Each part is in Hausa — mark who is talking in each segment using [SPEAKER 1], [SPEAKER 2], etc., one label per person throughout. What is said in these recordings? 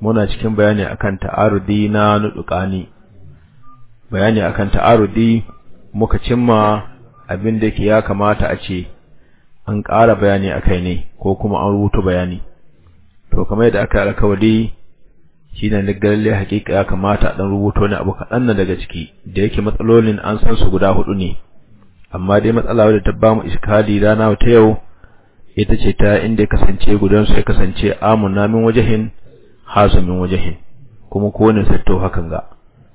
[SPEAKER 1] muna cikin bayani akan ta'arudi na nuduqani bayani akan ta'arudi muka cimma abin da ya kamata a ce an ƙara bayani akai ne ko kuma an rubuta bayani to kamar yadda aka alkawari shine ne lalle hakika ya kamata a dan rubuto ne abu kaɗan na daga ciki da yake matsalolin an san su guda hudu ne amma dai matsala wadda ta ba mu iskali rana ta yau ita ce ta inda kasance gudansu ya kasance amuna min wajahin hasan min wajhi kuma kowane satto hakan ga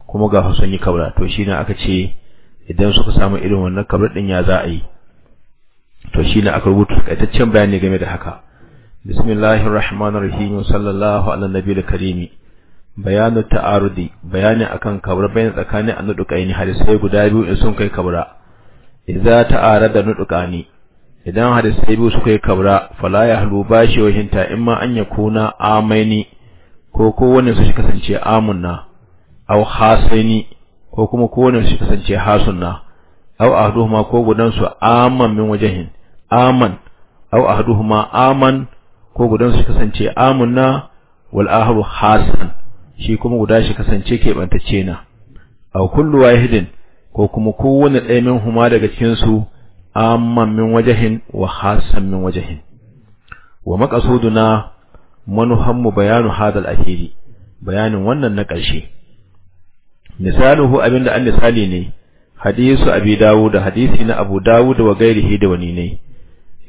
[SPEAKER 1] kuma ga hasan yi kabra to shine aka ce idan suka samu irin wannan kabra din ya za a yi to shine aka rubuta takaitaccen bayani game da haka bismillahir rahmanir rahim sallallahu ala nabiyil karimi bayanu ta'arudi bayani akan kabra bayan tsakanin har sai guda biyu in sun kai kabra idza ta'arada nudukani idan sai biyu suka yi kabra fala ya yahlu bashi wahinta imma an yakuna amaini ko kowane su shi kasance amunna aw hasani ko kuma kowane su shi kasance hasunna aw ahduhuma ko gudan su aman min wajahin aman aw ahduhuma aman ko gudan su kasance amunna wal ahru hasan shi kuma guda shi kasance keɓantacce na aw kullu wahidin ko kuma kowane ɗaya min huma daga cikin su amman min wajahin wa hasan min wajahin wa maqasuduna manuhammu bayanu hadal asiri bayanin wannan na ƙarshe misaluhu abinda an misali ne hadisu abi dawud hadisi na abu dawud wa gairihi da wani ne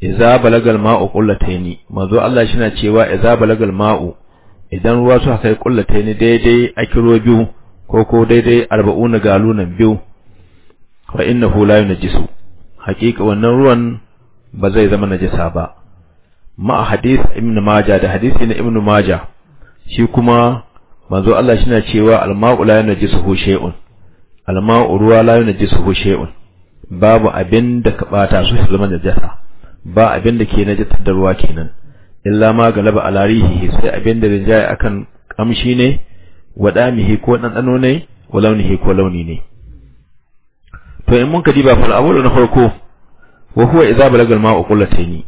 [SPEAKER 1] idza balagal ma'u qullataini mazo Allah shi na cewa idza balagal ma'u idan ruwa su kai qullataini daidai a kiro biyu ko ko daidai 40 galunan biyu fa innahu la yunjisu hakika wannan ruwan ba zai zama najasa ba ma hadith ibn majah da hadisi na ibn majah shi kuma manzo Allah shi na cewa alma'u la yunajjisuhu shay'un alma'u ruwa la yunajjisuhu shay'un babu abin da ka bata su su zama najasa ba abin da ke najatar da ruwa kenan illa ma galaba alarihi sai abin da rinjaye akan kamshi ne mihi ko ɗanɗano ne wa launihi ko launi ne to in mun kadi ba fal na farko wa huwa idza balagal ma'u qullataini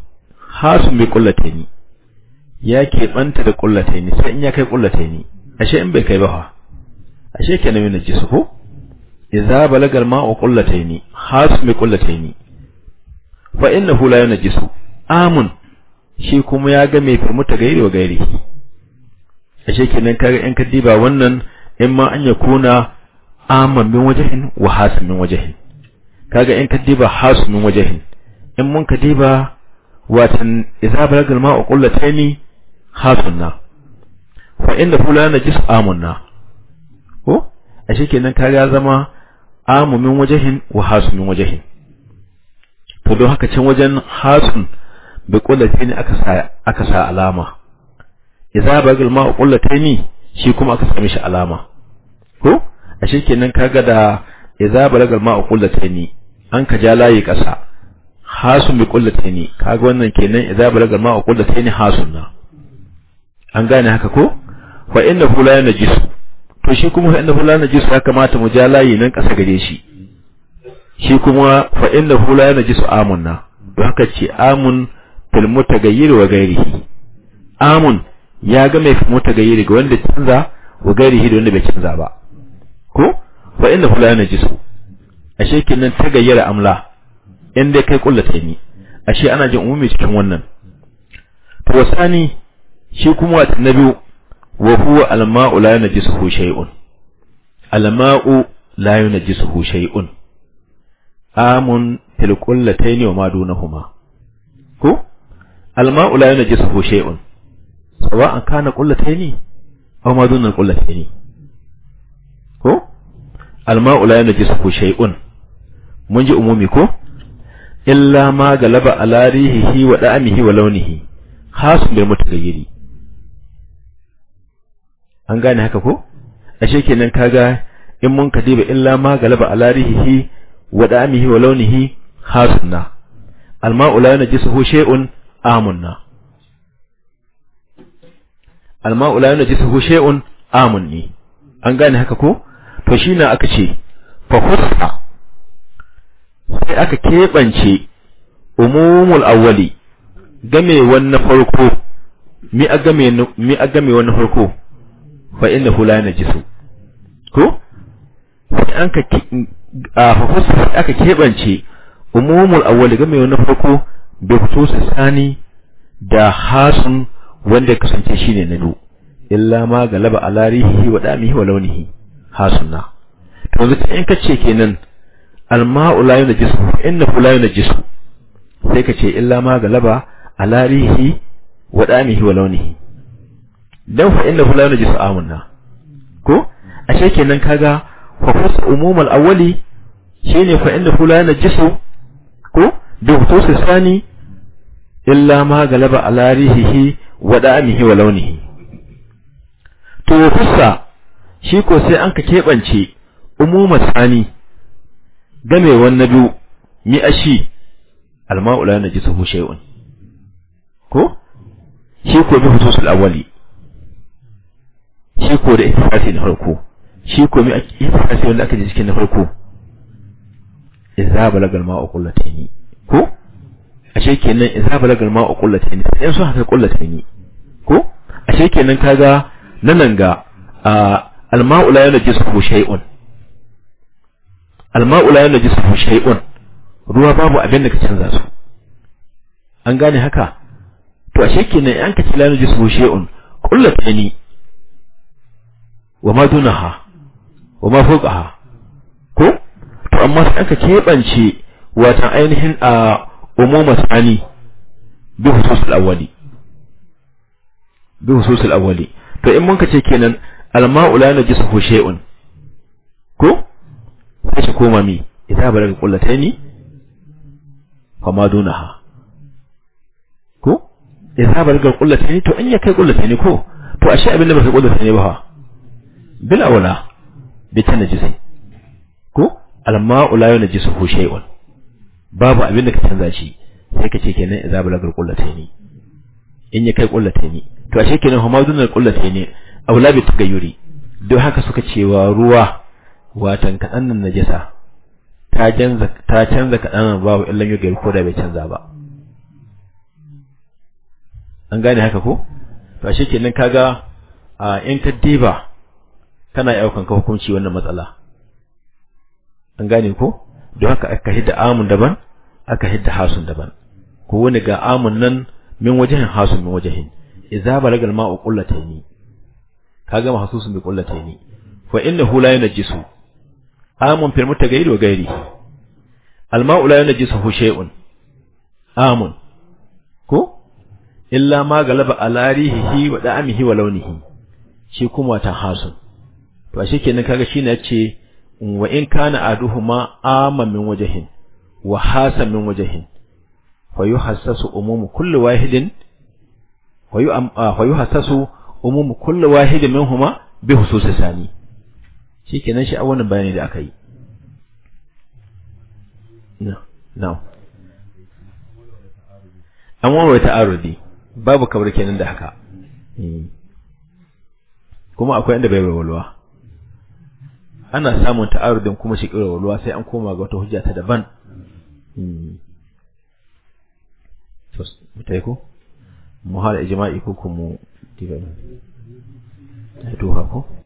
[SPEAKER 1] khasun kullata ni ya keɓanta da ni sai in ya kai ni ashe in bai kai ba fa ashe kenan min su ko idza balaga kullata ni qullataini khasun kullata ni fa innahu la yunjisu amun shi kuma ya ga mai firmuta gairi wa gairi ashe kenan kaga in ka diba wannan in ma an yakuna aman min wajahin wa hasan min wajahin kaga in ka diba hasu min wajahin in mun ka diba watan idza balagal ma'u qullataini hasunna fa inda fulana jis amunna ko ashe kenan kariya zama amu min wajahin wa hasun min wajahin to don haka can wajen hasun bi qullataini aka sa aka sa alama idza balagal ma'u qullataini shi kuma aka sami shi alama ko ashe kenan kaga da idza balagal ma'u qullataini an ka ja layi kasa hasun bi qullataini kaga wannan kenan idza balaga ma hasun na an gane haka ko inna hu la najis to shi kuma fa hu la najis ya kamata mu ja layi nan kasa gare shi shi kuma fa hu la yanjisu amunna don haka ce amun fil mutagayyir wa ghairihi amun ya ga mai fil mutagayyir ga wanda canza wa ghairihi da wanda bai canza ba ko fa hu la najis ashe kenan tagayyara amla in dai kai kulla tsami ashe ana jin umumi cikin wannan to wasani shi kuma na biyu wa huwa alma'u la yunajjisuhu shay'un alma'u la yunajjisuhu shay'un amun fil qullatayn wa ma dunahuma ko alma'u la yunajjisuhu shay'un sawa'an kana qullatayn aw ma dunal qullatayn ko alma'u la yunajjisuhu shay'un mun ji umumi ko illa ma galaba alarihi rihihi wa da'amihi wa launihi khasun bil mutaghayyiri an gane haka ko ashe kenan kaga in mun kadiba illa ma galaba alarihi rihihi wa da'amihi wa launihi khasunna الماء لا ينجسه شيء آمنا الماء لا ينجسه shay'un amunni an gane haka ko to shi na aka ce fa hussa sai aka keɓance umumul awwali game na farko mi a game na farko fa inna hula na jisu ko sai an ka a aka keɓance umumul awwali game na farko bai fito sani da hasun wanda ya kasance shine na biyu illa ma galaba alarihi wa damihi wa launihi hasunna to yanzu in ka ce kenan alma'u la yunjisu innahu la jisu sai ka ce illa ma galaba ala rihi wa damihi wa launihi dan fa innahu la yunjisu amunna ko ashe kenan kaga fa fus umumul awwali shine fa innahu la jisu ko bi khusus sani illa ma galaba ala rihihi wa damihi wa launihi to fussa shi ko sai an ka keɓance umumar sani gamewan wannan biyu mi ashi alma'u la su shay'un ko shi ko bi hususul awwali shi ko da ifasi na farko shi ko mi ifasi wanda aka ji cikin na farko idza balagal ma'u qullataini ko ashe kenan idza balagal ma'u qullataini sai su haka qullataini ko ashe kenan kaga nanan ga alma'u la su shay'un alma'u la yanjisu shay'un ruwa babu abin da ka canza su an gane haka to ashe kenan an ka ci la yanjisu shay'un qullat ni wa ma dunaha wa ma fawqaha ko to amma sai aka kebance watan ainihin a umumat ani bi hususul awwali bi hususul awwali to in mun ka ce kenan alma'u la yanjisu shay'un ko sai koma mi idan ba daga kullataini fama dunaha ko idan ba daga kullataini to in ya kai kullataini ko to ashe abin da ba su kullataini ba fa bil aula bi tanjisi ko alma ula yana jisu hu shay'un babu abin da ka canza shi sai ka ce kenan idan ba daga kullataini in ya kai kullataini to ashe kenan fama dunar kullataini aula bi tagayuri don haka suka cewa ruwa watan kaɗan nan najasa ta canza ta canza kaɗan nan babu illan yoga ko da bai canza ba an gane haka ko to ashe kenan kaga a in ka diba kana yaukan ka hukunci wannan matsala an gane ko don haka aka hidda amun daban aka hidda hasun daban ko wani ga amun nan min wajahin hasun min wajahin idza balagal ma'u qullataini kaga mahsusun bi qullataini fa innahu la yunajjisu amun fil gairi wa ghairi alma'u la yanjisuhu shay'un amun ko illa ma galaba alarihi wa da'amihi wa launihi shi kuma wata hasun to ashe kenan kaga shine yace wa in kana aduhuma aman min wajhin wa hasan min wajhin fa yuhassasu umumu kulli wahidin wa ah, yuhassasu umumu kulli wahidin minhuma bi hususi sani shi kenan shi a wannan bayani da aka yi na an warware ta'arudi babu kamar kenan da haka hmm. kuma akwai inda bai bai walwa ana samun ta'arudin kuma shi kira walwa sai an koma ga wata hujja ta daban hmm. mutai ko mu hada ijma'i ko kuma diba to ha ko